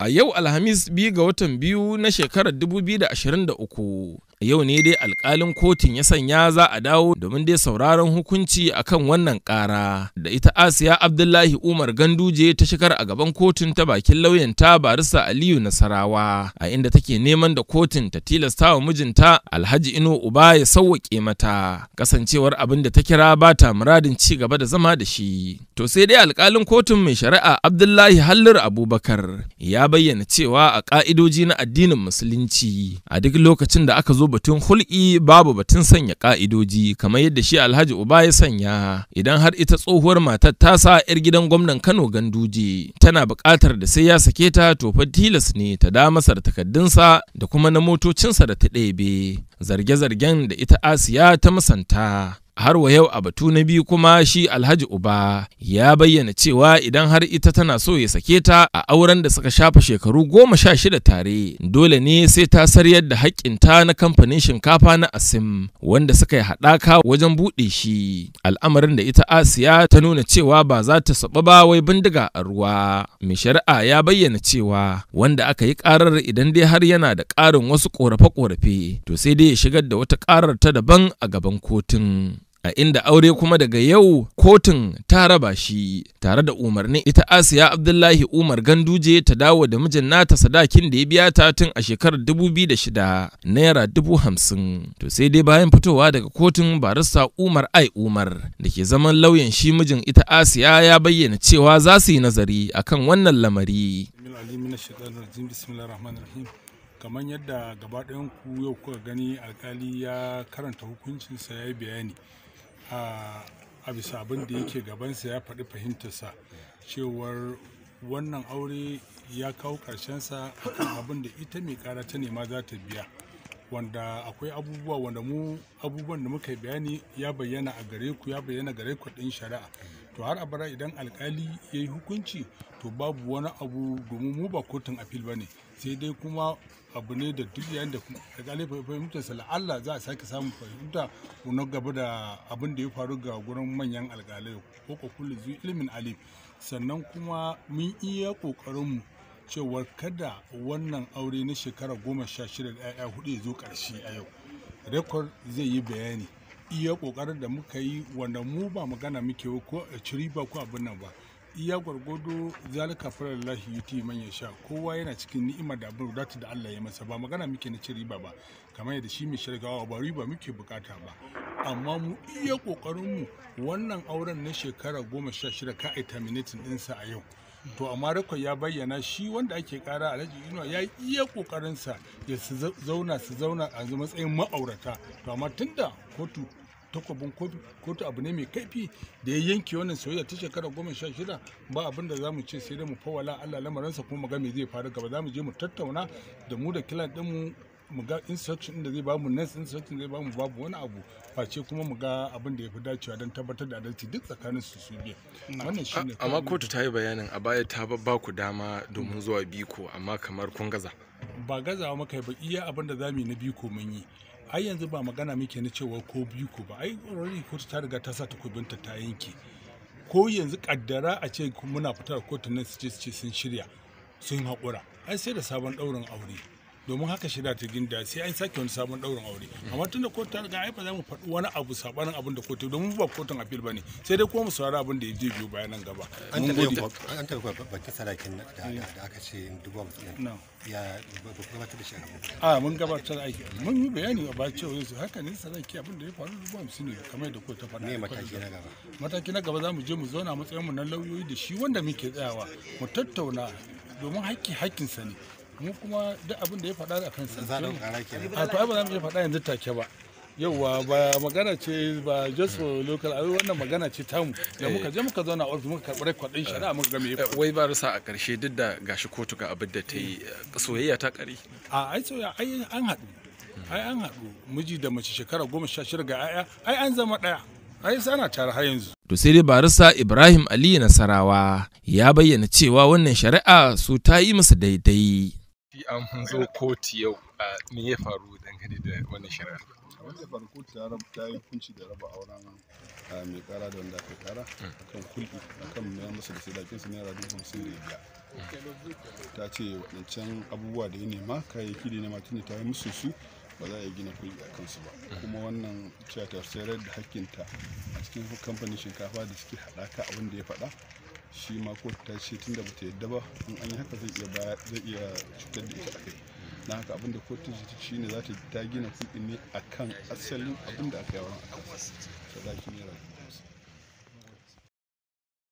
A yau Alhamis biyu ga watan biyu na shekarar 2023 yau ne dai alkalin kotun ya sanya za a dawo domin dai sauraron hukunci akan wannan ƙara da ita Asiya Abdullahi Umar Ganduje ta shigar a gaban kotun ta bakin lauyan ta Barisa Aliyu Nasarawa a inda take neman da kotun ta tilasta wa mijinta Alhaji Ino Uba ya sauwaƙe mata kasancewar abin da ta kira ba ta muradin ci gaba da zama da shi. To sai dai alkalin kotun mai shari'a Abdullahi Hallar Abubakar ya bayyana cewa a ƙa'idoji na addinin musulunci a duk lokacin da aka zo batun hulɗi babu batun sanya ƙa'idoji kamar yadda shi Alhaji Uba ya sanya idan har ita tsohuwar matar ta sa 'yar gidan gwamnan Kano Ganduje tana buƙatar da sai ya sake ta to fa tilas ne ta da masa takaddunsa da kuma na motocinsa da ta ɗebe zarge-zargen da ita Asiya ta musanta. har wa yau a batu na biyu kuma shi alhaji uba ya bayyana cewa idan har ita tana so ya sake ta a auren da suka shafa shekaru goma sha shida tare dole ne sai ta saryar da haƙƙinta na kamfanin shinkafa na asim wanda suka yi haɗaka wajen buɗe shi al'amarin da ita asiya ta nuna cewa ba za ta saba ba wai bindiga a ruwa mai shari'a ya bayyana cewa wanda aka yi ƙarar idan dai har yana da ƙarin wasu ƙorafe-ƙorafe to sai dai ya shigar da wata ƙarar ta daban a gaban kotun. a inda aure kuma daga yau kotun ta raba shi tare da umarnin ita asiya abdullahi umar ganduje ta dawo da mijin nata sadakin da ya biya ta tun a shekarar 2006 naira dubu hamsin to sai dai bayan fitowa daga kotun barista umar ai umar da ke zaman lauyan shi mijin ita asiya ya bayyana cewa za su yi nazari akan wannan lamari kamar yadda gaba ku yau kuka gani alkali ya karanta hukuncinsa ya yi bayani a bisa abin da yake gabansa ya faɗi fahimtarsa cewar wannan aure ya kawo ƙarshensa akan abin da ita mai ƙara ta nema za ta biya wanda akwai abubuwa wanda mu abubuwan da muka bayani ya bayyana a gare ku ya bayyana gare ku ɗin shari'a to har abara idan alkali ya yi hukunci to babu wani abu domin mu ba kotun apil ba ne sai dai kuma abu ne da duk yayin da alkali fahimtar sa la'alla za a sake samun fahimta na gaba da abin da ya faru ga gurin manyan alkalai ko ko zuwa ilimin alim sannan kuma mun iya kokarinmu cewa kada wannan aure na shekara goma sha shida da 'ya'ya hudu ya zo karshe a yau rekod zai yi bayani iya kokarin da muka yi wanda mu ba magana muke ko a ciri ba ko abin nan ba iya gwargwado zalika farar lahi yuti man ya sha kowa yana cikin ni'ima da abin wadata da Allah ya masa ba magana muke na ciri ba ba kamar yadda shi mai shirgawa ba riba muke bukata ba amma mu iya mu wannan auren na shekara goma sha shida ka a terminating ɗinsa a yau to amma rikon ya bayyana shi wanda ake kara alhaji inuwa ya iya kokarinsa ya su zauna su zauna a matsayin ma'aurata to amma tunda kotu takwabin kotu abu ne mai kaifi da ya yanke wannan soyayya ta shekara goma sha shida ba abin da za mu ce sai dai mu fawala allah lamarinsa kuma mu ga me zai faru gaba za mu je mu tattauna da mu da kilan mu. mu ga instruction din da zai bamu next instruction zai bamu babu wani abu face kuma mu ga abin da ya fi dacewa don tabbatar da adalci duk tsakanin su su biyu wannan shine amma kotu ta yi bayanin a baya ta ba ku dama domin zuwa biko amma kamar kun gaza ba gazawa maka ba iya abin da zamu na biko mun yi ai yanzu ba magana muke na cewa ko biko ba ai already kotu ta riga ta sa takobinta ta yanke ko yanzu kaddara a ce muna fitar kotu nan su ce sun shirya sun haƙura ai sai da sabon ɗaurin aure domin haka shida ta ginda sai an sake wani sabon daurin aure amma tun da kotu ta riga ai ba za mu faɗi wani abu sabanin abin da kotu domin ba kotun appeal bane sai dai kuma mu saurari abin da ya biyu bayan nan gaba an taɓa bakin sarakin da aka ce dubu ya gabatar da shi a ah, mun gabatar aiki mun yi bayani ba cewa su haka ne sadaki abin da ya faru dubu hamsin ne kamar da kotu ta faɗa ne mataki na gaba mataki na gaba za mu je mu zauna matsayin mu na lauyoyi da shi wanda muke tsayawa mu tattauna domin hakki haƙƙinsa ne mu kuma duk abin da ya faɗa kan kansa a to ai ba za mu faɗa yanzu take ba yauwa ba magana ce ba just for local ai wannan magana ce tamu da eh. muka je muka zauna office muka karɓi rekord din shari'a muka ga me wai ba rusa a ƙarshe duk da gashi kotu ga abin da ta yi eh, soyayya ta ƙari a ai soyayya ai an haɗu ai an haɗu miji da mace shekara goma sha shida ga 'ya'ya ai an zama ɗaya ai sana tare har yanzu to sai dai barisa ibrahim ali nasarawa ya bayyana cewa wannan shari'a su ta yi masa daidai shi an zo koti yau me ya faru dangane da wani shari'a wanda ya faru kotu ta ta yi hukunci da raba auren mai kara da wanda aka kara kan kulki kan ya masa da sadakin su naira dubu hamsin da biya ta ce waɗancan abubuwa da ya nema kayayyaki da ya nema tunda ta yi musu su ba za a yi gina kulki a kansu ba kuma wannan cewa ta sayar da hakkinta a cikin kamfanin shinkafa da suke haɗaka abin da ya faɗa shi ma kotu ta ce tun da bata yadda ba in an yi haka zai iya baya zai iya cutar da ita akai na haka abin da kotu shi shi ne za ta gina kuɗi ne akan asalin abin da aka yi wa akan sadaki rayuwa